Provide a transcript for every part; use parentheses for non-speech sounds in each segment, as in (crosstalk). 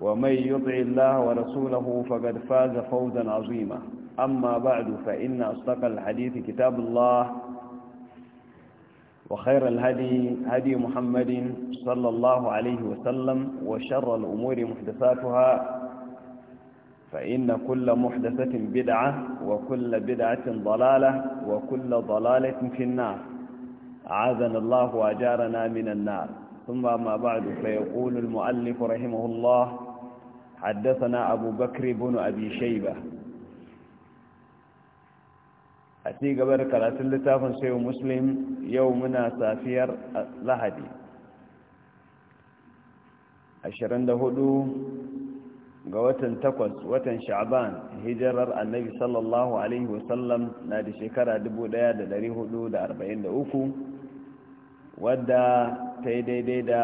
ومن يطع الله ورسوله فقد فاز فوزا عظيما أما بعد فإن أصدق الحديث كتاب الله وخير الهدي هدي محمد صلى الله عليه وسلم وشر الأمور محدثاتها فإن كل محدثة بدعة وكل بدعة ضلالة وكل ضلالة في النار أعاذنا الله وأجارنا من النار ثم ما بعد فيقول المؤلف رحمه الله حدثنا أبو بكر بن أبي شيبة أتي قبل قراءة اللتاف سيو مسلم يومنا سافير لهدي أشرن دهدو قوة تقوس وتن شعبان هجرر النبي صلى الله عليه وسلم نادي شكرا دبو دياد داريه دو دا أربعين دا أوكو تيدي دي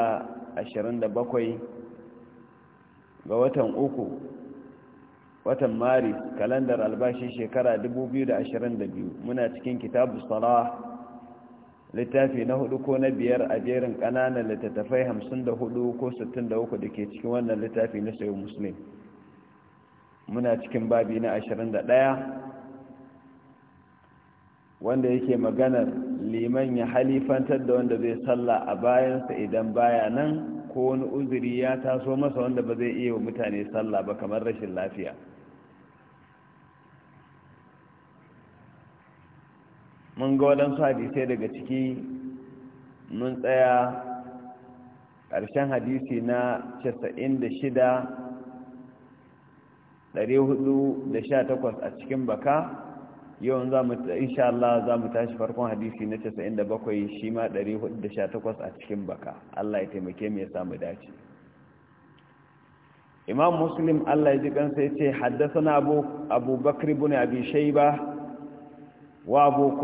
أشرن دا بكوي ga watan uku watan maris kalandar albashi shekara 2022 muna cikin kitabu salah littafi na hudu ko na biyar a jerin kananan littattafai 54 ko 63 da ke cikin wannan littafi na sayo muslim muna cikin babi na 21 wanda yake maganar liman ya halifantar da wanda zai salla a bayansa idan baya nan ko wani uzuri ya taso masa wanda ba zai iya wa mutane sallah ba kamar rashin lafiya mun ga waɗansu hadisai daga ciki mun tsaya ƙarshen hadisi na 96 418 a cikin baka yau za mu insha Allah za mu tashi farkon hadisi na 97 shi ma 418 a cikin baka Allah ya taimake mu ya samu dace Imam Muslim Allah ya ji kansa ya ce haddasa Abu Abu Bakr ibn Abi ba wa Abu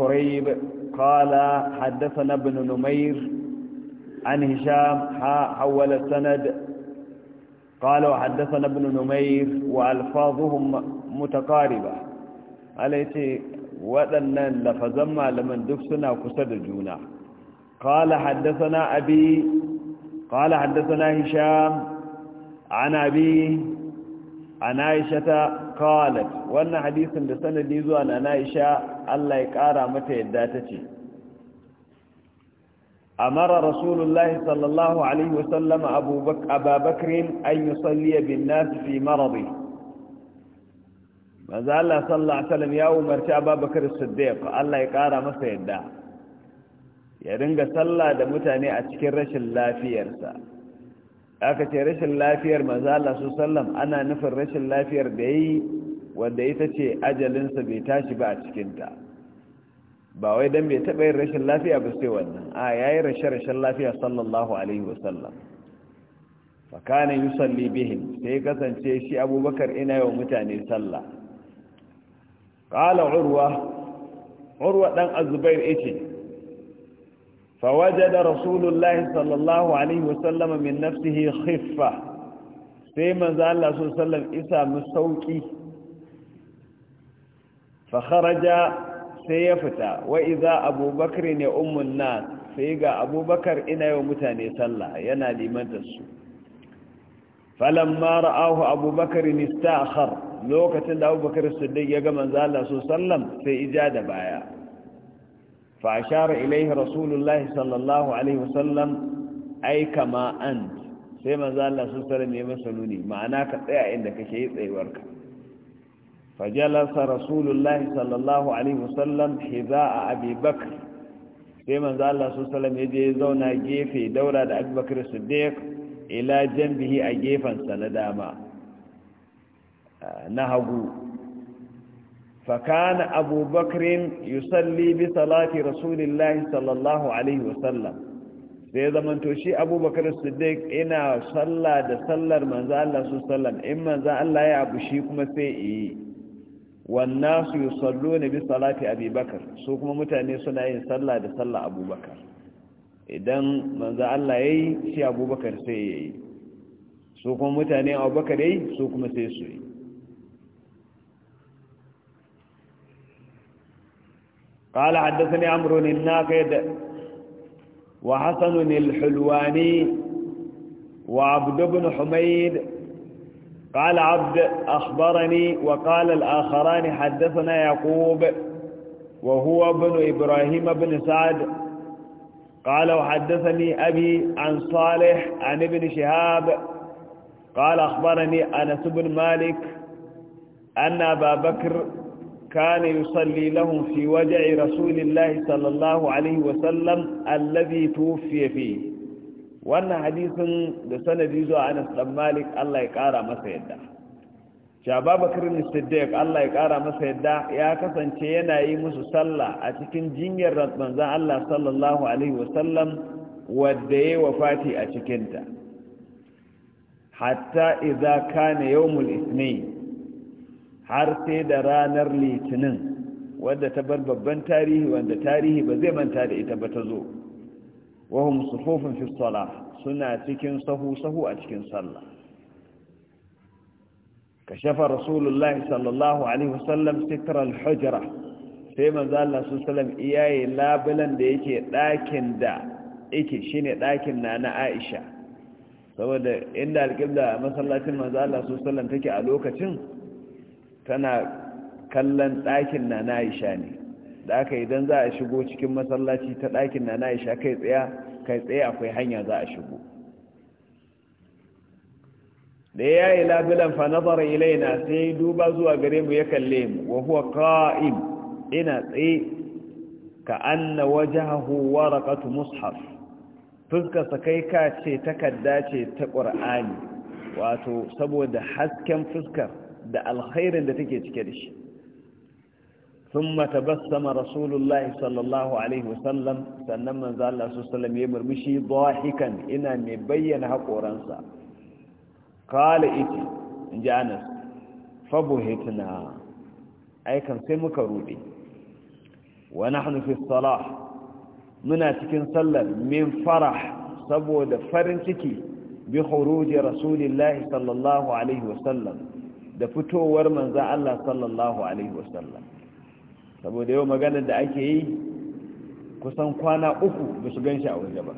kala haddasa na bin numair an Hisham ha hawala sanad قال وحدثنا ابن نمير وألفاظهم متقاربة Allah ce waɗannan lafazan malaman duk suna kusa da juna qala haddathana abi qala haddathana hisham an abi an aishata qalat wannan hadisin da sanadi zuwa na aisha Allah ya kara mata yadda ta ce. tace amara rasulullahi sallallahu alaihi wasallam abubakar ababakr an yusalli bin nas fi maradihi manzo Allah sallallahu alaihi wasallam ya umarci Abubakar Siddiq Allah ya kara masa yadda ya ringa sallah da mutane a cikin rashin lafiyarsa aka ce rashin lafiyar manzo Allah sallam ana nufin rashin lafiyar da yayi wanda ita ce ajalinsa bai tashi ba a cikin ta ba wai dan bai taba yin rashin lafiya ba sai wannan a yayi rashin rashin lafiya sallallahu alaihi wasallam fa kana yusalli bihim sai kasance shi Abubakar ina wa mutane sallah ƙala urwa urwa ɗan azubair ake fawaje da rasulullahi sallallahu alaihi wasallama min nafsihi khiffa sai manzo Allah sallallahu isa mu sauki fa kharaja sai ya fita wa idza abubakar ne ummun sai ga abubakar ina yau mutane sallah yana liman da su falamma ra'ahu abubakar nista'khara lokacin da abubakar siddiq ya ga manzo Allah sallam sai ija da baya fa ashara ilaihi rasulullahi sallallahu alaihi wasallam ai kama ant sai manzo Allah sallam ya masa nuni ma'ana ka tsaya inda kake yi tsayuwarka fajalasa rasulullahi sallallahu alaihi wasallam hiza'a abi bakr sai manzo Allah sallam ya je zauna gefe daura da abubakar siddiq ila janbihi a sa na dama na hagu fakana abubakarin yusalli bi salati rasulillahi sallallahu alaihi wasallam da ya zamanto shi abubakar siddiq ina salla da sallar manza Allah su sallam in manza Allah ya abu shi kuma sai yi wannan su yusalluna bi salati abubakar su kuma mutane suna yin salla da sallar abubakar idan manza Allah ya yi shi abubakar sai ya yi. su kuma mutane abubakar ya yi? su kuma sai su yi قال حدثني عمرو الناقد وحسن الحلواني وعبد بن حميد قال عبد أخبرني وقال الآخران حدثنا يعقوب وهو ابن إبراهيم بن سعد قال وحدثني أبي عن صالح عن ابن شهاب قال أخبرني أنس بن مالك أن أبا بكر كان يصلي لهم في وجع رسول الله صلى الله عليه وسلم الذي توفي فيه wannan hadisin da sanadi zuwa Anas dan Malik Allah ya kara masa yadda Shaba Bakr Siddiq Allah ya kara masa yadda ya kasance yana yi musu sallah a cikin jinyar manzon Allah sallallahu alaihi wa sallam wanda yayi wafati a cikin ta hatta idza kana yawmul ithnain har sai da ranar litinin wadda ta bar babban tarihi wanda tarihi ba zai manta da ita ba ta zo wahum sufufin fi suna cikin sahu-sahu a cikin sallah kashafa rasulullah sallallahu alaihi wasallam sitral hujra sai manzo Allah iyaye labulan da yake ɗakin da yake shine ɗakin nana Aisha saboda inda alƙibla masallacin manzo Allah take a lokacin tana kallon ɗakin na na'isha ne da aka idan za a shigo cikin masallaci ta ɗakin na na'isha kai tsaya kai tsaye akwai hanya za a shigo da ya yi labulan fa nazara ilaina sai duba zuwa gare mu ya kalle mu wa huwa qa'im ina tsaye ka anna wajahu waraqatu mushaf fuskarsa kai ka ce takarda ce ta qur'ani wato saboda hasken fuskar da alkhairin da take cike da shi sun matabasta ma rasulullah sallallahu alaihi wasallam sannan manzo Allah ya murmushi dahikan ina mai bayyana hakoransa kala ite inji anas fabuhitna ai sai muka rube wa nahnu fi muna cikin sallar min farah saboda farin ciki bi khuruji rasulillahi sallallahu alaihi wasallam da fitowar manza Allah sallallahu Alaihi wasallam saboda yau maganar da ake yi kusan kwana uku ba su ganshi a waje ba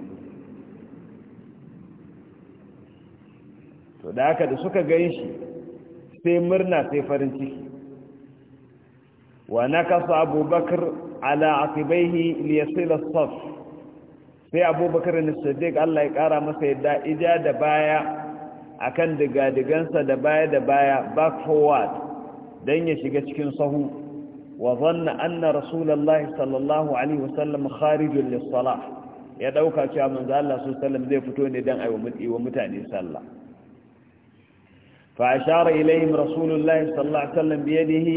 to da haka da suka shi sai murna sai farin ciki wa nakasa abubakar ala aqibaihi liyasila saf sai abubakar na siddiq Allah ya kara masa yadda ija da baya akan digadigansa da baya da baya bak forward dan ya shiga cikin sahu wa zanna anna rasulullahi sallallahu alaihi wasallam kharijun lis-salah ya dauka cewa manzo Allah sallallahu zai fito ne dan ayi wa mutane sallah فأشار إليهم رسول الله صلى الله عليه وسلم بيده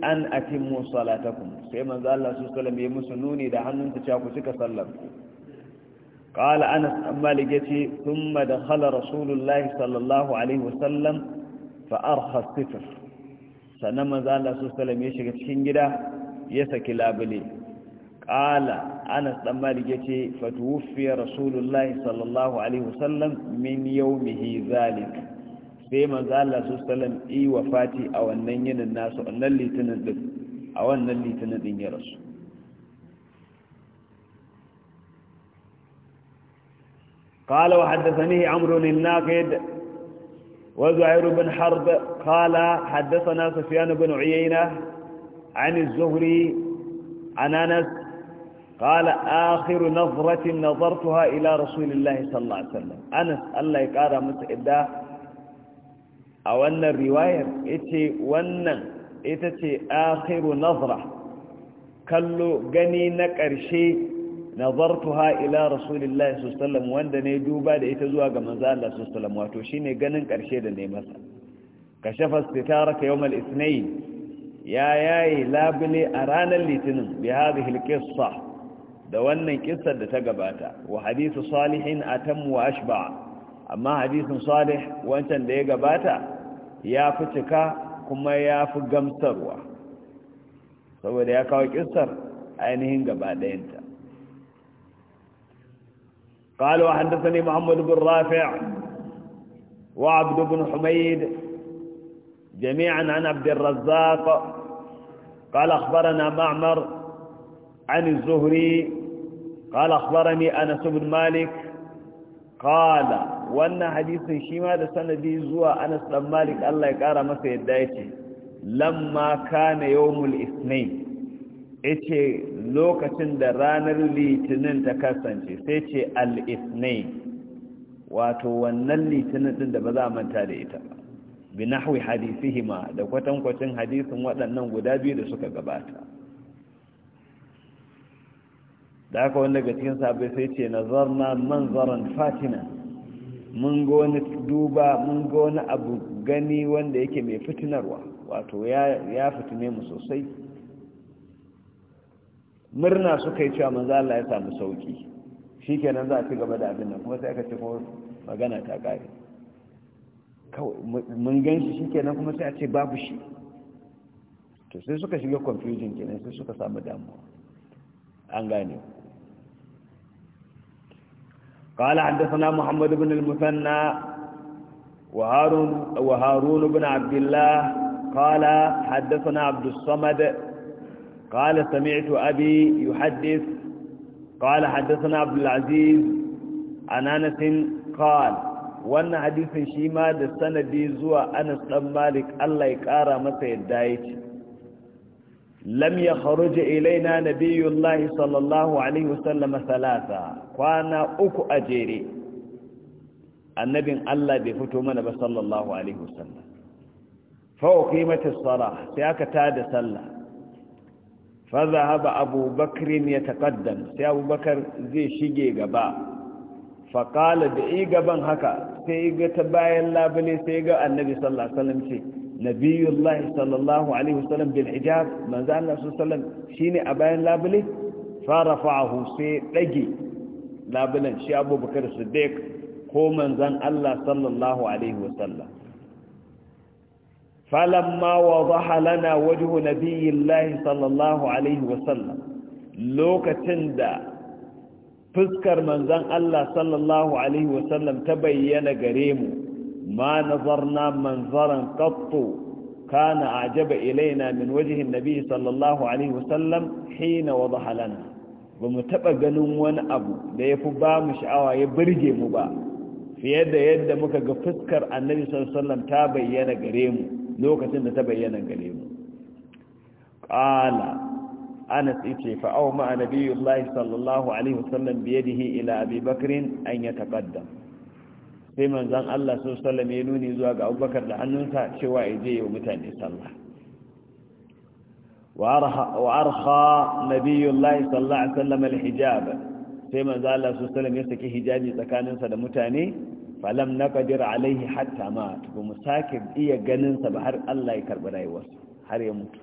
أن أتموا صلاتكم سيما ذا الله صلى الله عليه وسلم يمسنوني دعنا تشاكو سكا صلى qala anas an malik yace thumma dakhala rasulullah sallallahu alaihi wasallam fa arha sifr sanan manzo ya shiga cikin gida ya saki labule qala anas dan malik yace fa tuwfi rasulullah sallallahu alaihi wasallam min yawmihi zalik sai manzo Allah sallallahu alaihi wasallam i wafati a wannan yinin nasu litinin din a wannan litinin din ya rasu قال وحدثني عمرو الناقد وزعير بن حرب قال حدثنا سفيان بن عيينة عن الزهري عن أنس قال آخر نظرة نظرتها إلى رسول الله صلى الله عليه وسلم أنس الله يقارى متعدى أو أن الرواية إتي ونن إتتي آخر نظرة كل جني نكرشي nazartuha ila rasulillahi sallallahu alaihi wanda ne duba da ita zuwa ga manzo Allah sallallahu wato shine ganin karshe da ne masa kashafa sitaraka yawmal ithnain ya yayi labile a ranar litinin bi hadhihi alqissa da wannan kissar da ta gabata wa hadithu salihin atam wa ashba amma hadithun salih wancan da ya gabata ya fi cika kuma ya fi gamsarwa saboda ya kawo kissar ainihin gaba ɗayanta قال وحدثني محمد بن رافع وعبد بن حميد جميعا عن عبد الرزاق قال أخبرنا معمر عن الزهري قال أخبرني أنس بن مالك قال وأن حديث شما ده سندي زوا أنس بن مالك الله يقارى مسيح دايتي لما كان يوم الاثنين yace lokacin da ranar litinin ta kasance sai ce al-ithnay wato wannan litinin din da ba za a manta da ita ba bi nahwi hadisihima da kwatankwacin hadisin waɗannan guda biyu da suka gabata da aka wanda daga cikin sabai sai ce nazarna manzaran fatina mun ga wani duba mun ga wani abu gani wanda yake mai fitinarwa wato ya fitine mu sosai murna suka yi cewa manzo Allah ya samu sauki shikenan za a ci gaba da abin nan kuma sai aka ce ko magana ta kare mun gan shi shikenan kuma sai a ce babu shi to sai suka shiga confusion kenan sai suka samu damuwa an gane قال حدثنا محمد بن المثنى وهارون, وهارون بن عبد الله قال حدثنا عبد الصمد قال سمعت أبي يحدث قال حدثنا عبد العزيز عن أنس قال وأن حديث شيما دستنا دي زوى أنس بن مالك الله يكارى متى دايت لم يخرج إلينا نبي الله صلى الله عليه وسلم ثلاثة وانا أكو أجيري النبي الله بفتو من صلى الله عليه وسلم فوقيمة الصلاة uqimatis salah sai faza haba abubakirin ya taƙaddam sai abubakar zai shige gaba faƙala da yi gaban haka sai ga ta bayan labule sai ga annabi sallallahu ala'isallam ce nabiyullahi sallallahu ala'isallam bin hijab manzo annabi sallam shi ne a bayan labule fara fa'ahu sai ɗage labulen shi abubakar su dek ko Manzon, allah sallallahu ala'isallam Falan wa zaha lana wajhu nabiyillahi sallallahu lokacin da fuskar manzon Allah sallallahu ta bayyana gare mu ma nazarna manzaran qattu kana ajaba ilaina min wajhi nabiy sallallahu alaihi wasallam hina wadha lana ba mu taba ganin wani abu da yafi ba mu sha'awa ya burge mu ba fiye da yadda muka ga fuskar annabi sallallahu alaihi ta bayyana gare mu lokacin da ta bayyana gare mu qala anas yace fa aw ma nabiyullahi sallallahu alaihi wasallam bi yadihi ila abi bakrin an yataqaddam sai manzon Allah sallallahu alaihi wasallam ya nuni zuwa ga Abubakar da hannunsa cewa yaje ya mutane sallah وأرخى نبي الله صلى الله عليه وسلم الحجاب سيما ذا الله صلى الله عليه وسلم يسكي حجابي سكان سد متاني falam na kadir alaihi hatta ma ba mu sake iya ganinsa ba har Allah ya karɓi rayuwarsa har ya mutu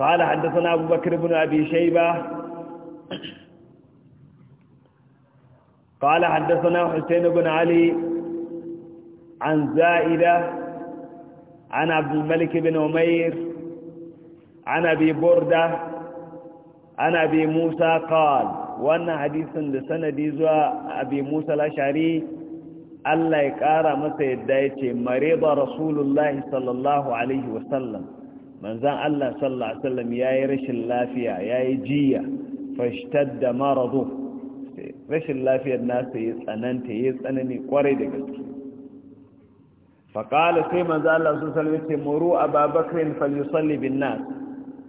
قال حدثنا أبو بكر بن أبي شيبة قال حدثنا حسين بن علي عن زائدة عن عبد الملك بن عمير عن أبي بردة ana bi musa qal wannan hadisin da sanadi zuwa abi musa lashari Allah ya kara masa yadda ya ce mareba rasulullahi sallallahu alaihi wasallam manzan Allah sallallahu alaihi ya yi rashin lafiya ya yi jiya fashtar da maradu rashin lafiyar nasa ya tsananta ya tsanani kwarai da gaske faƙala sai manzan Allah sallallahu alaihi wasallam a babakarin falusalli bin nasu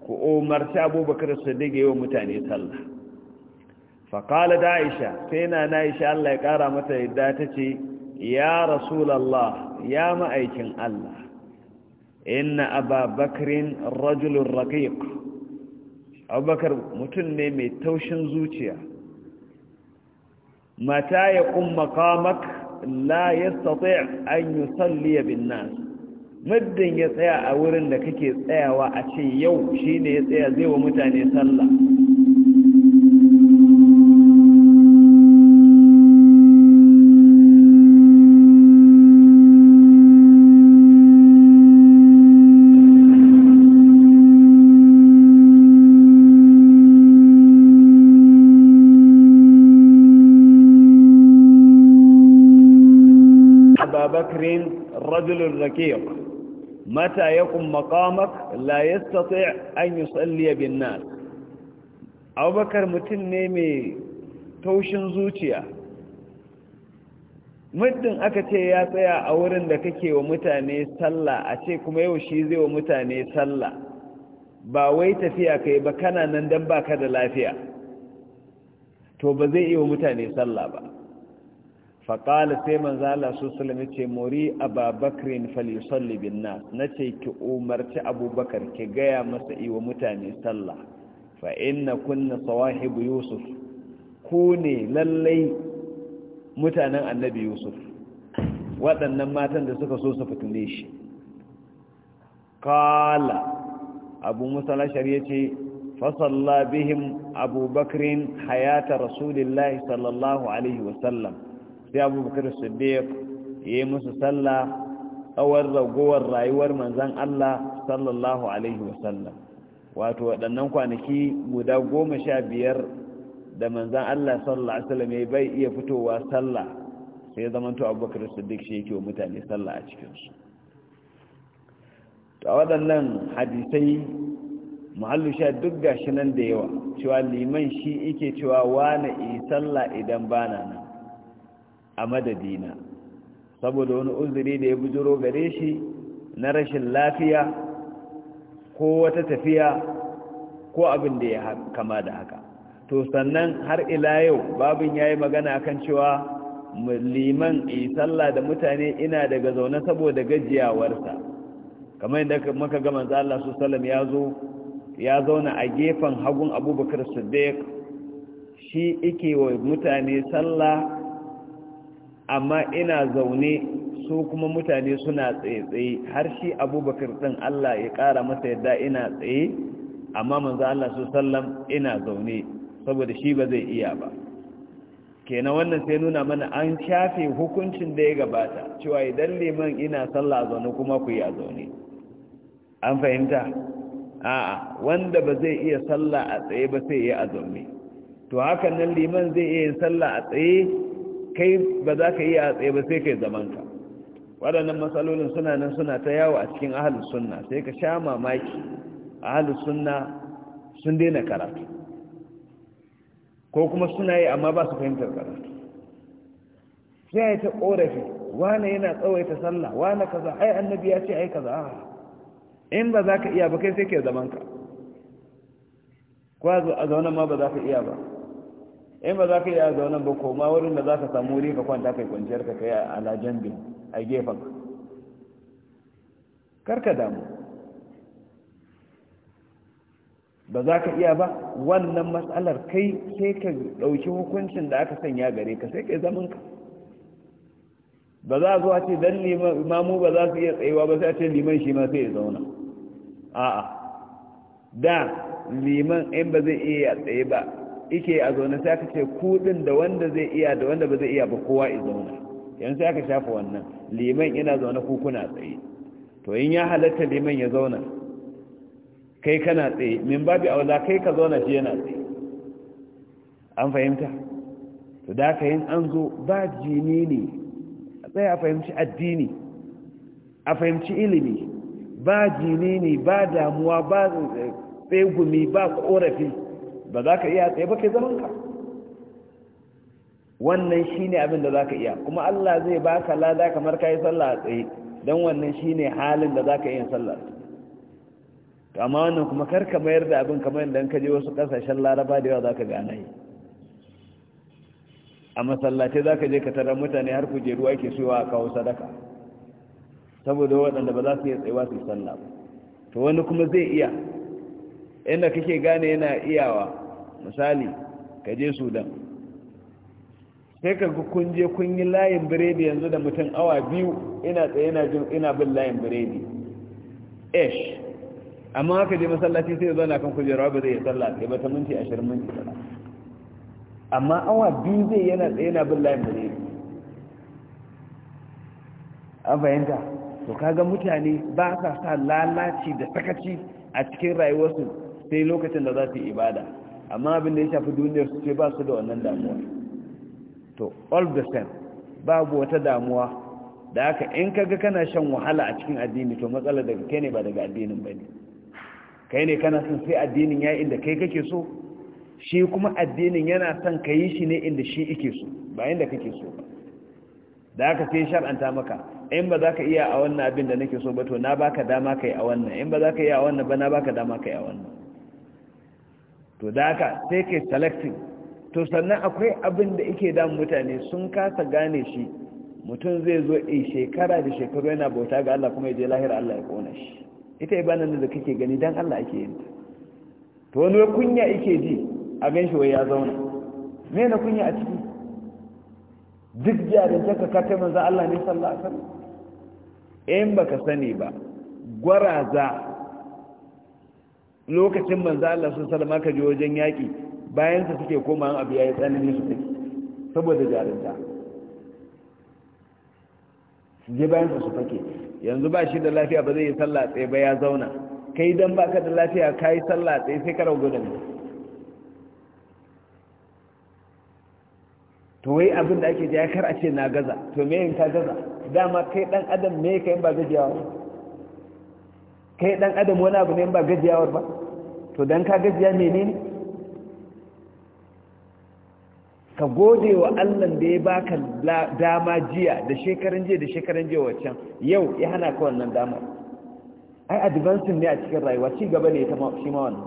ku umarci abubakar siddiq yawan mutane sallah fa da aisha sai na aisha Allah ya kara mata yadda tace ya rasulallah, ya ma'aikin Allah inna ababakrin rajulun raqiq abubakar mutum ne mai taushin zuciya mata ya kun makamak la ya an yi salliya bin nasu muddin ya tsaya a wurin da kake tsayawa a ce yau shi ne ya tsaya zai wa mutane sallah رجل ركيق mata yaqum maqamak la yastati' an yusalli bin nas abubakar mutum ne mai taushin zuciya muddin aka ce ya tsaya a wurin da kake wa mutane sallah a ce kuma yau shi zai wa mutane sallah ba wai tafiya kai ba kana nan dan baka da lafiya to ba zai iya wa mutane sallah ba faƙala sai manzo Allah su salama ce muri ababakrin falisalli bin nas na ce ki umarci abubakar ki gaya masa iwa mutane sallah fa inna kunna sawahibu yusuf ku ne lallai mutanen annabi yusuf waɗannan matan da suka so su fitile shi kala abu musala shari'a ce fasalla bihim abubakrin hayata rasulillahi sallallahu alaihi wasallam sai abubakar siddiq ya yi musu sallah tsawon ragowar rayuwar manzan Allah sallallahu alaihi wasallam wato waɗannan kwanaki guda goma sha biyar da manzan Allah sallallahu alaihi wasallam ya yi bai iya fitowa sallah sai zamanto abubakar siddiq shi yake wa mutane sallah a cikinsu a waɗannan hadisai muhallu sha duk gashi nan da yawa cewa liman shi ike cewa wane yi sallah idan bana nan a madadina saboda wani uzuri da ya bujiro gare shi na rashin lafiya ko wata tafiya ko abin da ya kama da haka to sannan har ila yau babin ya yi magana kan cewa liman sallah da mutane ina daga zaune saboda gajiyawarsa kamar yadda muka ga manzo Allah su sallam ya zo ya zauna a gefen hagun abubakar siddiq shi ike wa mutane sallah amma ina zaune su kuma mutane suna tsaye-tsaye har shi abubakar ɗin Allah ya ƙara masa yadda ina tsaye amma manzan Allah su sallam ina zaune saboda shi ba zai iya ba kenan wannan sai nuna mana an shafe hukuncin da ya gabata cewa idan liman ina sallah a zaune kuma ku yi a zaune an fahimta a'a wanda ba zai iya sallah a tsaye ba sai ya a zaune to hakan nan liman zai iya yin sallah a tsaye kai ba za ka yi a tsaye ba sai kai zamanka waɗannan matsalolin suna nan suna ta yawo a cikin ahalus sunna sai ka sha mamaki ahalus sunna sun daina karatu ko kuma suna yi amma ba su fahimtar karatu sai ya ta ƙorafi wane yana tsawaita sallah wane kaza ai annabi ya ce ai kaza in ba za ka iya ba kai sai kai zamanka kwazo a zaune ma ba za ka iya ba in ba za ka yi a zaunan ba koma wurin da za ka samu wuri ka kwanta kai kwanciyar ka kai a lajen bin a gefen karka damu ba za ka iya ba wannan matsalar kai sai ka ɗauki hukuncin da aka sanya gare ka sai ka zaman ka ba za a zuwa ce don limamu ba za su iya tsayewa ba sai a ce liman shi ma sai ya zauna a'a da liman in ba zai iya tsaye ba ike a zaune sai aka ce kudin da wanda zai iya da wanda ba zai iya ba kowa ya zauna yanzu sai aka shafa wannan liman yana zaune ku kuna tsaye to in ya halatta liman ya zauna kai kana tsaye min babi aula kai ka zauna shi yana tsaye an fahimta to da ka yin an zo ba jini ne a tsaye a fahimci addini a fahimci ilimi ba jini ne ba damuwa ba tsegumi ba korafi ba za ka iya tsaye ba kai zamanka wannan shi ne abin da za ka iya kuma Allah zai ba ka lada kamar ka yi sallah a tsaye don wannan shi ne halin da za ka iya sallah amma wannan kuma karka mayar da abin kamar yadda ka je wasu kasashen laraba da yawa za ka gane yi a masallace za ka je ka tarar mutane har kujeru ake soyawa a kawo sadaka saboda waɗanda ba za su iya tsayewa su yi sallah ba to wani kuma zai iya inda kake gane yana iyawa misali ka je sudan sai ka kun je kun yi layin biredi yanzu da mutum awa biyu ina tsaye na jin ina bin layin biredi esh amma haka je masallaci sai zo na kan kujera ba zai yi sallah sai ba ta minti ashirin minti sallah amma awa biyu zai yana tsaye na bin layin biredi A fahimta to kaga mutane ba sa sa lalaci da sakaci a cikin rayuwarsu sai lokacin da za su yi ibada amma abin da ya shafi duniyar su ce ba su da wannan damuwa to all the same babu wata damuwa da aka in kaga kana shan wahala a cikin addini to matsalar daga kai ne ba daga addinin ba ne kai ne kana son sai addinin ya inda kai kake so shi kuma addinin yana son ka yi shi ne inda shi ike so ba inda kake so ba da haka sai shar'anta maka in ba za ka iya a wannan abin da nake so ba to na baka dama kai a wannan in ba za ka iya a wannan ba na baka dama kai a wannan to da haka sai ke selecting to sannan akwai abin da ike damun mutane sun kasa gane shi mutum zai zo a shekara da shekaru yana bauta ga Allah kuma ya je lahira Allah ya kona shi ita banan da kake gani dan Allah ake yin ta to wani kunya ike ji a gan shi wai ya zauna me na kunya a ciki duk jarin ka ta manzo Allah ne sallallahu alaihi wasallam in baka sani ba gwaraza lokacin manzo Allah sun salama ka je wajen yaki bayan sa suke koma abiya ya tsanani su take saboda jarinta je bayan su fake yanzu ba shi da lafiya ba zai yi sallah tsaye ba ya zauna kai dan baka da lafiya kai sallah tsaye sai ka rago da ni to wai abin da ake ji ya kar a ce na gaza to me in ka gaza dama kai dan adam me kai ba gajiyawa kai dan adam wani abu ne ba gajiyawar ba to dan ka gajiya menene ka gode wa Allah da ya baka dama jiya da shekaran jiya da shekaran jiya waccan yau ya hana ka wannan damar ai advancing ne a cikin rayuwa ci gaba ne ta shi ma wannan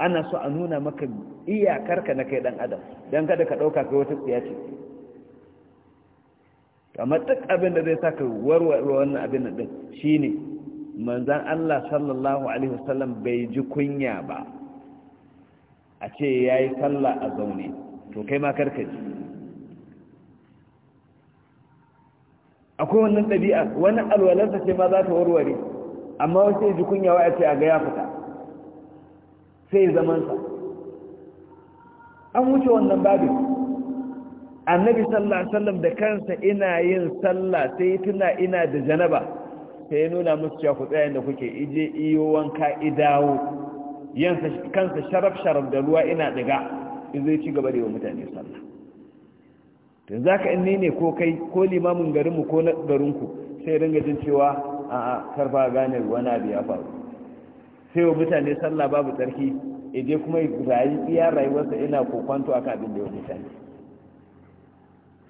ana so a nuna maka iyakar ka na kai dan adam dan kada ka dauka kai wata tsiya ce amma duk abin da zai saka warware wannan abin din shine manzan Allah sallallahu alaihi wasallam bai ji kunya ba a ce ya yi sallah a zaune to kai ma karkaji akwai wannan ɗabi'a wani alwalarsa ce ma za ta warware amma wasu ya ji kunya wa a ce a ga ya fita sai zamansa an wuce wannan babu. annabi sallallahu alaihi wasallam da kansa ina yin sallah sai tuna ina da janaba sai ya nuna musu cewa ku tsayayen da kuke ije iyo wanka idawo kansa sharaf sharaf da ruwa ina diga zai ci gaba da yi wa mutane sallah to za ka in ne ko kai ko limamin garinmu ko na garinku sai ringa jin cewa a karfa gane ruwa na biya faru sai wa mutane sallah babu tsarki ije kuma rayu iya rayuwarsa ina kokwanto aka abin da ya mutane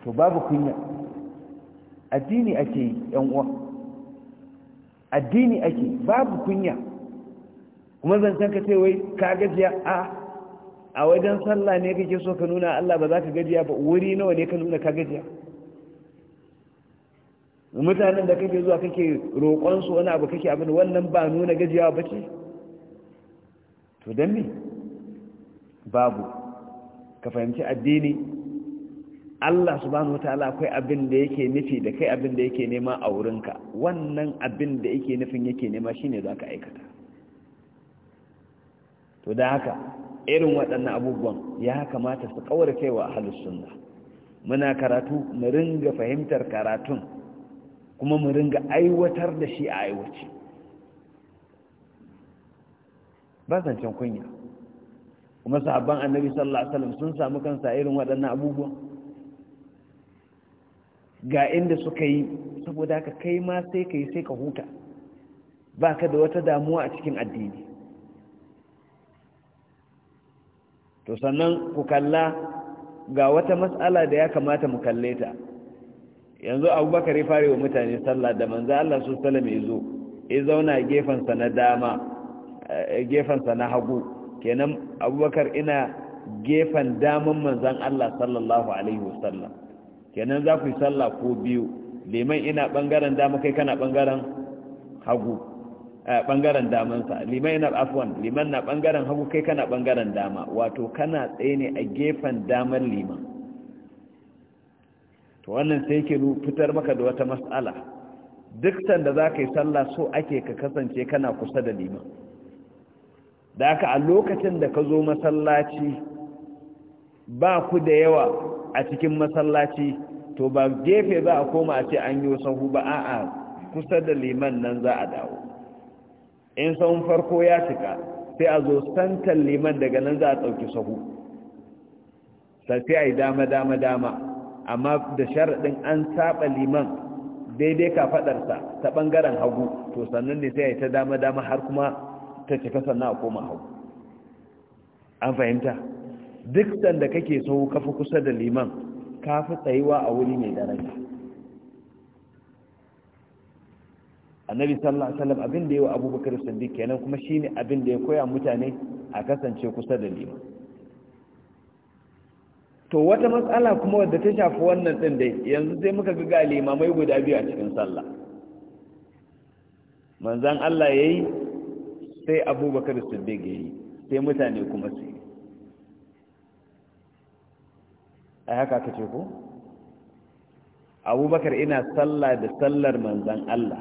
to babu kunya addini ake yi yan uwa addini ake babu kunya kuma zancen ka ce wai ka gajiya a a wajen sallah ne kake so ka nuna Allah ba za ka gajiya ba wuri nawa ne ka nuna ka gajiya mutanen da kake zuwa kake roƙon su wani abu kake abin wannan ba nuna gajiya ba ce to don me babu ka fahimci addini Allah subhanahu wataala akwai abin da yake nufi da kai abin da yake nema a wurinka wannan abin da yake nufin yake nema shine ka aikata to da haka irin waɗannan abubuwan ya kamata su wa ahlus sunna muna karatu mu ringa fahimtar karatun kuma mu ringa aiwatar da shi a aiwace ba zancen kunya kuma sahabban annabi sallallahu alaihi wasallam sun samu kansa irin waɗannan abubuwan ga inda suka yi saboda ka kai ma sai ka yi sai ka huta ba ka da wata damuwa a cikin addini to sannan ku kalla ga wata matsala da ya kamata mu kalle ta yanzu abubakar ya fara wa mutane sallah da manzo Allah su sallama ya zo ya zauna gefensa na dama eh, gefensa na hagu kenan abubakar ina gefen daman manzan Allah sallallahu alaihi wasallam kenan za ku yi sallah ko biyu liman ina bangaren dama kai kana bangaren hagu bangaren eh, damansa liman ina afwan liman na bangaren hagu kai kana bangaren dama wato kana tsaye ne a gefen damar liman to wannan sai ke fitar maka da wata mas'ala duk sanda za ka yi sallah so ake ka kasance kana kusa da liman da aka a lokacin da ka zo masallaci ba ku da yawa a cikin masallaci to ba gefe za a koma a ce an yi sahu ba a'a kusa da liman nan za a dawo in sahun farko ya cika sai a zo santar liman daga nan za a ɗauki sahu sai a yi dama dama dama amma da sharaɗin an saba liman daidai kafaɗarsa ta ɓangaren hagu to sannan ne sai a yi ta dama dama har kuma ta cika sannan a koma hagu an fahimta duk sanda kake so ka fi kusa da liman ka fi tsayuwa a wuri mai daraja annabi sallallahu alaihi wasallam abin da yawa abubakar siddiq kenan kuma shine abin da ya koya mutane a kasance kusa da liman to wata matsala kuma wadda ta shafi wannan din dai yanzu sai muka ga mai guda biyu a cikin sallah manzan Allah yayi sai abubakar siddiq yayi sai mutane kuma su a haka ka ce ko abubakar ina salla da sallar manzan Allah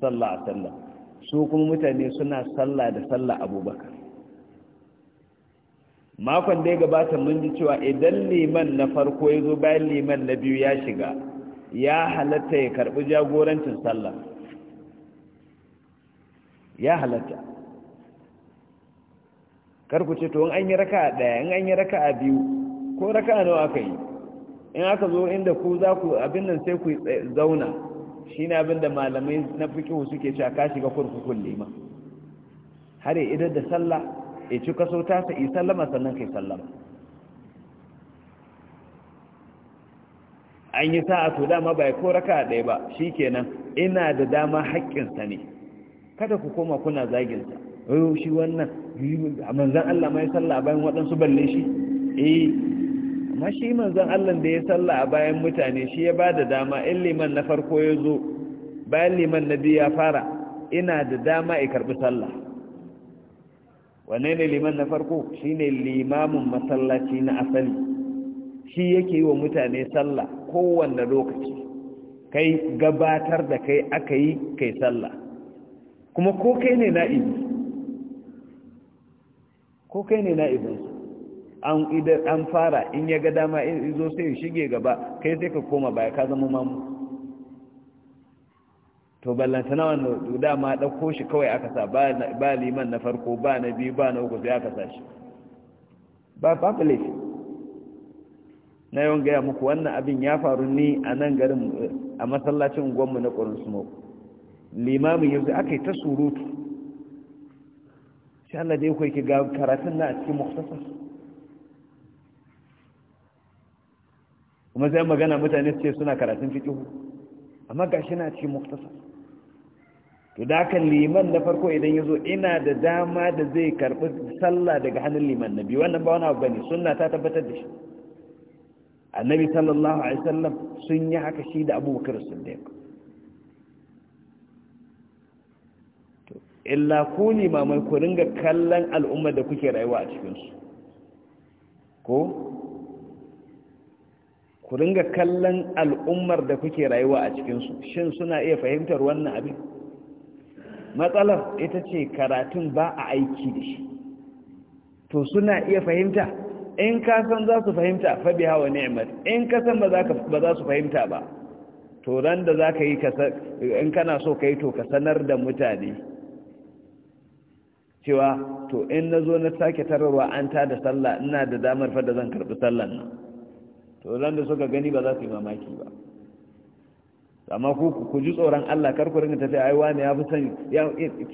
salla a sallar su kuma mutane suna salla da salla abubakar makon da ya gabata mun ji cewa idan liman na farko ya zo bayan liman na biyu ya shiga ya halatta ya karbi jagorancin sallah ya halatta karku ce to an yi raka a daya in an yi raka a biyu ko raka nawa aka yi in aka zo inda ku za ku abin nan sai ku zauna shi ne abin da malamai na fikihu suke cewa ka shiga kurkukun lima har ya da sallah ya ci kaso tasa yi sallama sannan kai sallama an yi sa'a to dama bai ko raka ɗaya ba shi kenan ina da dama haƙƙinsa ne kada ku koma kuna zaginsa yau shi wannan manzan Allah ya sallah bayan waɗansu balle shi eh amma shi manzon Allah da ya salla a bayan mutane shi ya bada dama in liman na farko ya zo bayan liman na biyu ya fara ina da dama ya karbi sallah wanne ne liman na farko shine limamin masallaci na asali shi yake yi wa mutane sallah kowanne lokaci kai gabatar da kai aka yi kai sallah kuma ko kai ne na'ibi ko kai ne na'ibinsu an fara in ya ga dama in zo sai ya shige gaba kai sai ka koma baya ka zama mamu to ballanta na wannan dama ɗauko shi kawai aka sa ba liman na farko ba na biyu ba na uku sai aka sa shi ba babu laifi na yawan gaya muku wannan abin ya faru ni a nan garin a masallacin gwanmu na ƙwarin sumo limamin yanzu aka yi ta surutu shi Allah dai kuwa yake ga karatun na a cikin muktasar kuma sai magana mutane su ce suna karatun fiƙihu amma ga shi na cikin muktasar to da kan liman na farko idan ya zo ina da dama da zai karbi sallah daga hannun liman na biyu wannan ba wani abu bane sunna ta tabbatar da shi annabi sallallahu alaihi wasallam sun yi haka shi da abubakar siddiq to illa ku limamai ku ringa kallon al'ummar da kuke rayuwa a cikinsu ko ku ringa kallon al'ummar da kuke rayuwa a cikinsu shin suna iya fahimtar wannan abin matsalar ita ce karatun ba a aiki da shi to suna iya fahimta in ka san za su fahimta fabi hawa ni'mat in ka san ba za su fahimta ba to ran da za ka yi in kana so ka yi to ka sanar da mutane cewa to in na zo na sake tararwa an ta da sallah ina da damar fa da zan karɓi sallan nan to ran da suka gani ba za su yi mamaki ba amma ku ku ji tsoron Allah kar ku ringa tafiya ai wani ya fi san ya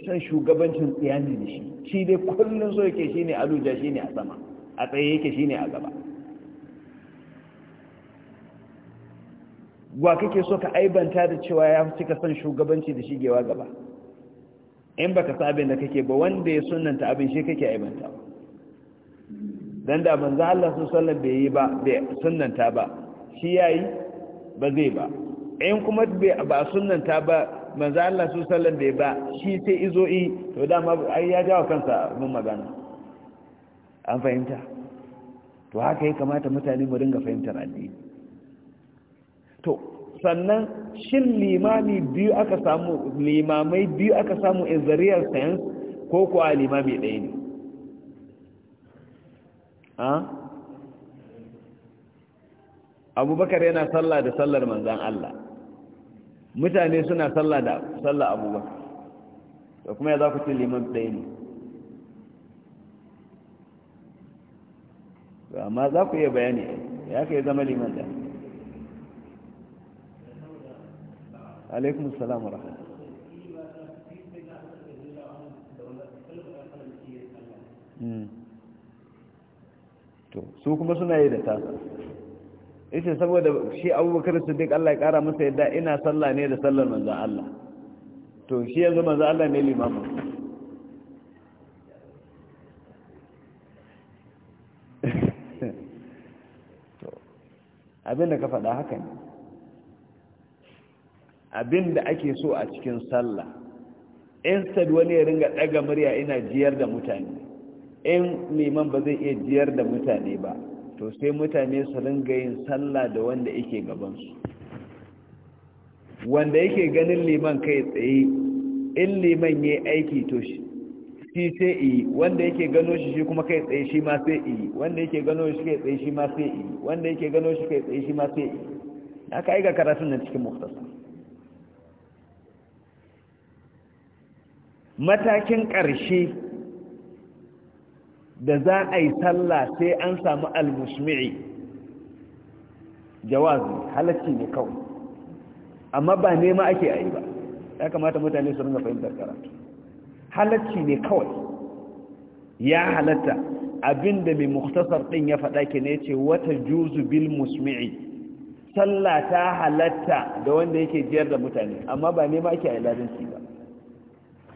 san shugabancin tsiyani da shi shi dai kullun so yake shine luja shine a sama a tsaye yake shine a gaba gwa kake so ka aibanta da cewa ya fi cika san shugabanci da shigewa gaba in baka sa abin da kake ba wanda ya sunanta abin shi kake aibantawa. dan da manzo Allah sun sallar bai yi ba bai sunnanta ba shi yayi ba zai ba in kuma ba sunnanta ba manzo Allah sun sallar bai ba shi sai izo yi to dama ai ya jawo kansa mun magana an fahimta to haka ya kamata mutane mu dinga fahimtar addini to sannan shin limami biyu aka samu limamai biyu aka samu in zariyar science ko kuwa limami ɗaya ne abubakar yana sallah da sallar manzan Allah mutane suna sallah da sallah abubakar da kuma ya za ku ce liman ɗaya ne amma za ku iya bayani ya ka yi zama liman ɗaya alaikun salamu rahama Mm-hmm. to su kuma suna yi da tasa ita saboda shi abubakar siddiq Allah ya kara masa yadda ina sallah ne da sallar manzon Allah to shi yanzu manzon Allah ne limamin (laughs) to abinda ka faɗa haka ne abinda ake so a cikin sallah instead wani ya ringa ɗaga murya ina jiyar da mutane in liman ba zai iya jiyar da mutane ba to sai mutane su ringa yin sallah da wanda yake gabansu wanda yake ganin liman kai tsaye in liman ya aiki to shi sai yi wanda yake gano shi shi kuma kai tsaye shi ma sai yi wanda yake gano shi kai tsaye shi ma sai yi wanda yake gano shi kai tsaye shi ma sai yi na ka ga karatun nan cikin muktasa matakin ƙarshe da za a yi sallah sai an samu al-musmi'i jawazi halacci ne kawai amma ba nema ake a yi ba ya kamata mutane su ringa fahimtar karatu halacci ne kawai ya halatta abinda mai muktasar din ya faɗa ke ne ce wata juzu bil musmi'i sallah ta halatta da wanda yake jiyar da mutane amma ba nema ake a yi ladanci ba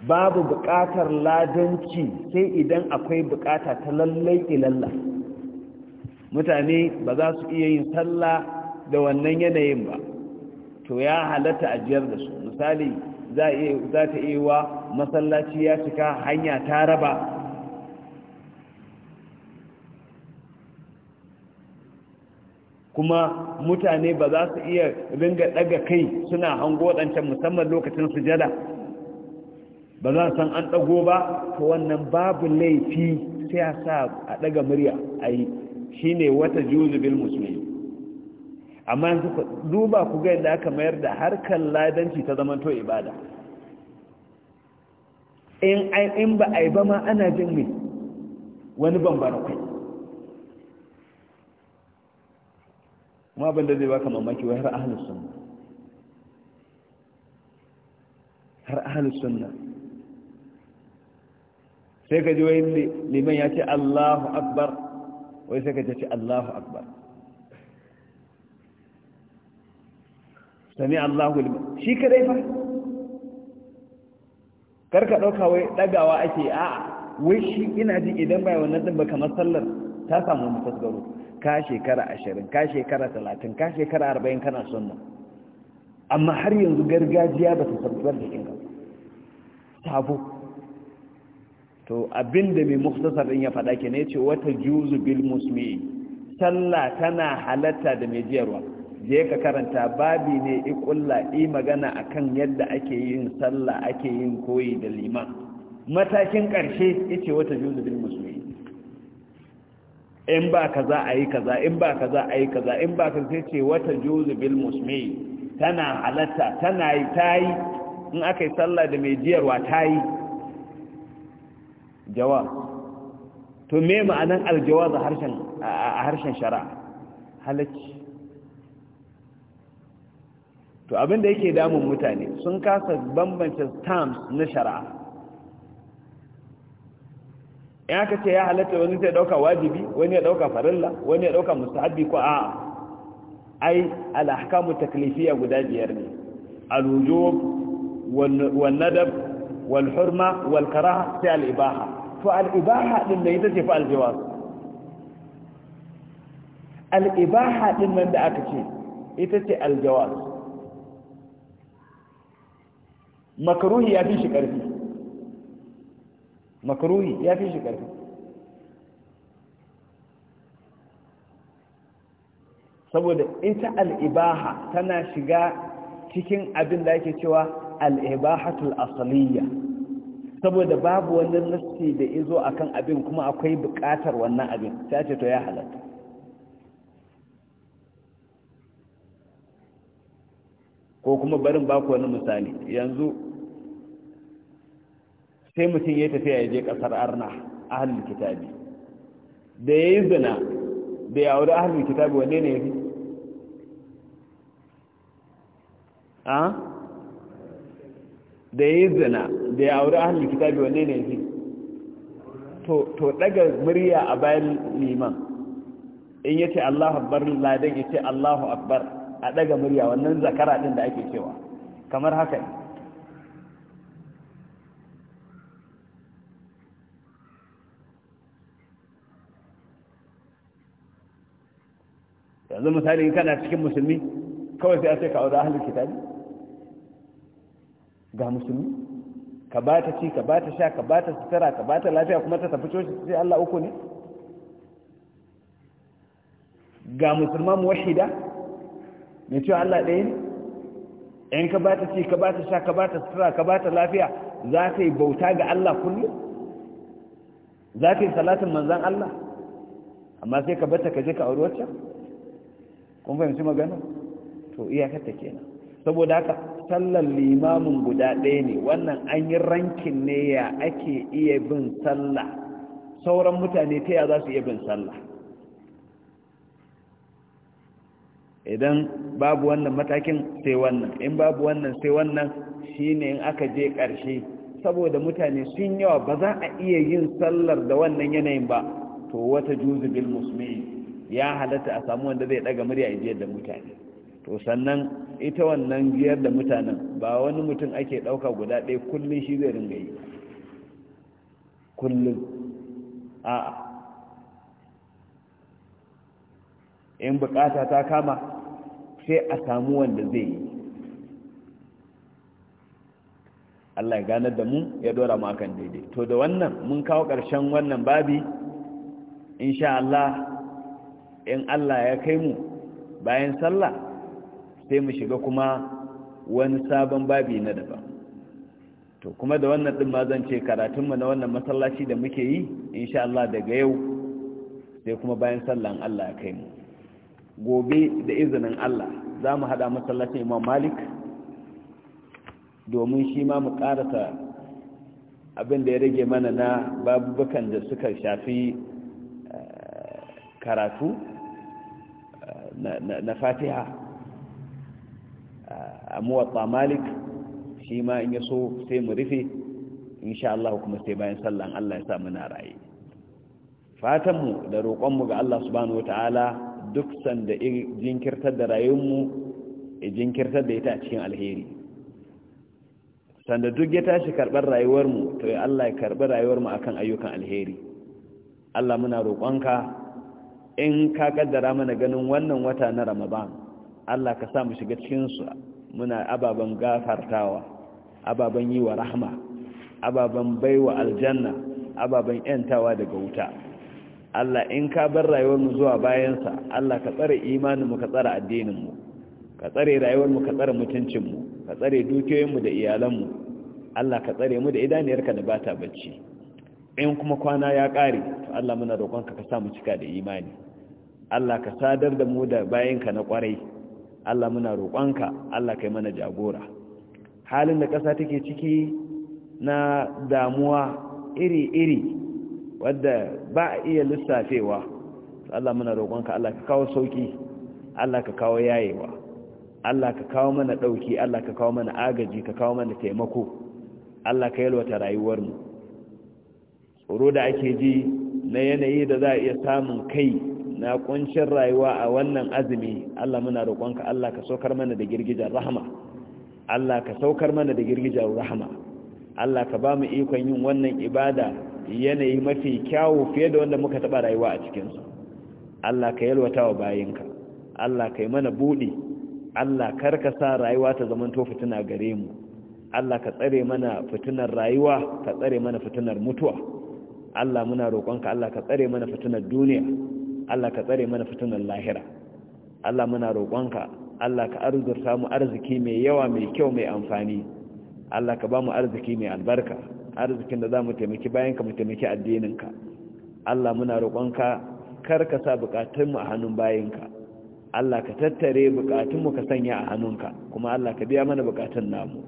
babu buƙatar ladanci sai idan akwai buƙata ta lallai ilalla mutane ba za su iya yin sallah da wannan yanayin ba to ya halatta ajiyar da su misali za ta iya wa masallaci ya cika hanya ta raba kuma mutane ba za su iya ringa ɗaga kai suna hango waɗancan musamman lokacin sujada ba za san an ɗago ba ta wannan babu laifi sai a sa a ɗaga murya a yi shi ne wata juzubin musulmi amma duba ku ga yadda aka mayar da harkar ladanci ta to ibada in ba a yi ba ma ana jin mai wani bambara kai ma da zai baka mamaki wa har ahalus har ahalus sai ka ji wai liman ya ce Allahu akbar wai sai ka ce Allahu akbar sami Allahu liman shi kadai fa karka dauka wai dagawa ake a'a wai shi ina ji idan bai wannan din ba kamar sallar ta samu mutasgaro ka shekara 20 ka shekara 30 ka shekara 40 kana sunna amma har yanzu gargajiya ba ta sabbar da kinka sabo to abinda mai muktasar din ya faɗa ke ne ce wata juzu bil musmi sallah tana halatta da mai jiyarwa je ka karanta babi ne ikulla i magana akan yadda ake yin sallah ake yin koyi da liman matakin ƙarshe ce wata juzu bil musmi in ba ka za a yi kaza in ba ka za a yi kaza in ba ka sai ce wata juzu bil musmi tana halatta tana yi tayi in aka yi sallah da mai jiyarwa tayi jawaz to me ma'anan aljawaz a harshen a harshen shari'a halacci to abin da yake damun mutane sun kasa bambance terms na shari'a in aka ya halatta wani zai dauka wajibi wani ya dauka farilla wani ya dauka mustahabbi ko a ai al-ahkamu taklifiyya guda biyar ne al-wujub wal-nadab wal-hurma wal-karaha sai al-ibaha to al'ibaha ɗin da ita ce fa aljawaz al'ibaha ɗin nan da aka ce ita ce aljawaz makaruhi ya fi shi ƙarfi makaruhi ya fi shi ƙarfi saboda ita al'ibaha tana shiga cikin abin da ake cewa al'ibahatul asaliya saboda babu wani nassi da izo akan abin kuma akwai bukatar wannan abin sai ce to ya halatta ko kuma barin baku wani misali yanzu sai mutum ya tafiya ya je kasar arna ahalin kitabi da ya yi zina da ya auri ahalin kitabi wanne ne ya fi ah? da ya yi zina da ya auri ahlul kitabi wanne ne yake to to daga murya a bayan liman in yace Allahu akbar ladan yace Allahu akbar a daga murya wannan zakara din da ake cewa kamar haka yanzu misali in kana cikin musulmi kawai sai a ce ka auri ahlul kitabi ga musulmi ka ba ta ci ka ba ta sha ka ba ta sutura ka ba ta lafiya kuma ta tafi coci sai Allah uku ne ga musulma muwahida mai cewa Allah ɗaya ne in ka ba ta ci ka ba ta sha ka ba ta sutura ka ba ta lafiya za ka yi bauta ga Allah kullum za ka yi salatin manzan Allah amma sai ka bata ka je ka auri wacce kun fahimci magana to iyakar ta kenan saboda haka sallar limamin guda ɗaya ne wannan an yi rankin ne ya ake iya bin sallah sauran mutane ta ya za su iya bin sallah idan babu wannan matakin sai wannan in babu wannan sai wannan shine in aka je ƙarshe saboda mutane sun yawa ba za a iya yin sallar da wannan yanayin ba to wata juzubin musulmi ya halatta a samu wanda zai ɗaga murya ajiyar da mutane to sannan ita wannan giyar da mutanen ba wani mutum ake ɗauka guda ɗaya kullum shi zai ringa yi kullum a in bukata ta kama sai a samu wanda zai yi Allah ya ganar da mu ya dora mu akan daidai to da wannan mun kawo ƙarshen wannan babi insha Allah in Allah ya kai mu bayan sallah sai mu shiga kuma wani sabon babi na daban to kuma da wannan din ma zan ce karatun mu na wannan masallaci da muke yi insha Allah daga yau sai kuma bayan sallan Allah ya kai mu gobe da izinin Allah za mu haɗa masallacin imam malik domin shi ma mu ƙarasa abin da ya rage mana na babubukan da suka shafi eh, karatu eh, na fatiha a muwatta malik shi ma in ya so sai mu rufe insha Allah kuma sai bayan sallan Allah ya sa muna raye fatanmu da roƙonmu ga Allah subhanahu wata'ala duk sanda jinkirtar da rayuwarmu ya jinkirtar da ita a cikin alheri sanda duk ya tashi karɓar rayuwarmu to ya Allah ya karɓi rayuwarmu akan ayyukan alheri Allah muna roƙonka in ka kaddara mana ganin wannan wata na Ramadan Allah ka sa mu shiga cikinsu muna ababen gafartawa ababen yi wa rahma ababen baiwa aljanna ababen yantawa daga wuta Allah in ka bar rayuwarmu zuwa bayansa Allah ka tsare imaninmu ka tsare addininmu ka tsare rayuwarmu ka tsare mutuncinmu ka tsare dukiyoyinmu da iyalanmu Allah ka tsare mu da idaniyarka da bata bacci in kuma kwana ya kare to Allah muna roƙonka ka sa mu cika da imani Allah ka sadar da mu da bayanka na ƙwarai Allah muna roƙonka Allah kai mana jagora halin da ƙasa take ciki na damuwa iri-iri wadda ba a iya lissafewa Allah muna roƙonka Allah ka kawo sauki Allah ka kawo yayewa Allah ka kawo mana ɗauki Allah ka kawo mana agaji ka kawo mana taimako Allah ka yalwata rayuwarmu tsoro da ake ji na yanayi da za a iya samun kai na kuncin rayuwa a wannan azumi Allah muna roƙonka Allah ka saukar mana da girgijar rahama Allah ka saukar mana da girgijar rahama Allah ka ba mu ikon yin wannan ibada yanayi mafi kyawu fiye da wanda muka taɓa rayuwa a cikinsu Allah ka yalwata wa bayinka Allah ka yi mana buɗi Allah kar ka sa rayuwa ta zaman to fitina gare mu Allah ka tsare mana fitinar rayuwa ka tsare mana fitinar mutuwa Allah muna roƙonka Allah ka tsare mana fitinar duniya Allah ka tsare mana fitinan lahira Allah muna roƙonka Allah ka arzurta mu arziki mai yawa mai kyau mai amfani Allah ka ba mu arziki mai albarka arzikin da za mu taimaki bayanka mu taimaki addininka Allah muna roƙonka kar ka sa buƙatunmu a hannun bayinka Allah ka tattare buƙatunmu ka sanya a hannunka kuma Allah ka biya mana buƙatun namu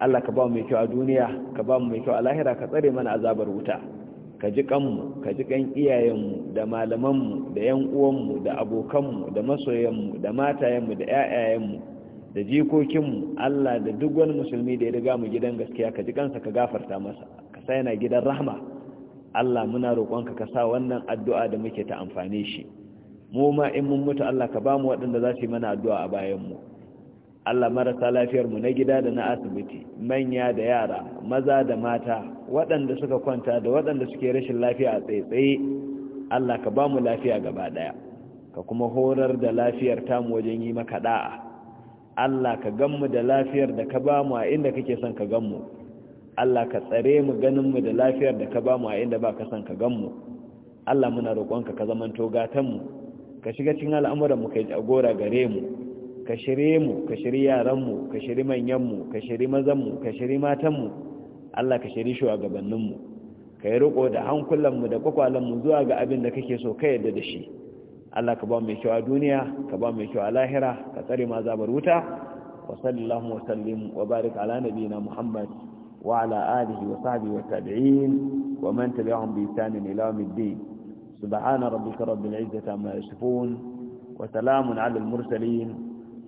Allah ka ba mu mai kyau a duniya ka ba mu mai kyau a lahira ka tsare mana azabar wuta ka ji kanmu ka ji kan iyayenmu da malamanmu da yan uwanmu da abokanmu da masoyanmu da matayenmu da ƴaƴayenmu da jikokinmu Allah da duk wani musulmi da ya riga mu gidan gaskiya ka ji kansa ka gafarta masa ka sa yana gidan rahma Allah muna roƙonka ka sa wannan addu'a da muke ta amfane shi mu ma in mun mutu Allah ka ba mu waɗanda za su yi mana addu'a a bayanmu Allah marasa lafiyarmu na gida da na asibiti manya da yara maza da mata waɗanda suka kwanta da waɗanda suke rashin lafiya a tsaye-tsaye Allah ka ba mu lafiya gaba ɗaya ka kuma horar da lafiyar tamu wajen yi maka ɗa'a Allah ka ganmu da lafiyar da ka ba mu a inda kake son ka ganmu Allah ka tsare mu ganinmu da lafiyar da ka ba mu a inda ba ka son ka ganmu Allah muna roƙonka ka zamanto gatanmu ka shiga cikin al'amuranmu kai jagora gare mu ka shirye mu ka shiri yaranmu ka shiri manyanmu ka shiri mazanmu ka shiri matanmu Allah ka shiri mu ka yi riko da hankulanmu da kwakwalanmu zuwa ga abin da kake so ka yadda da shi Allah ka ba mai kyau a duniya ka ba mai kyau a lahira ka tsare ma zabar wuta wa sallallahu wa sallim wa barik ala nabiyina muhammad wa ala alihi wa sahbihi wa tabi'in wa man tabi'ahum bi ihsan ila yawm الدين سبحان ربك رب العزة عما يصفون وسلام على المرسلين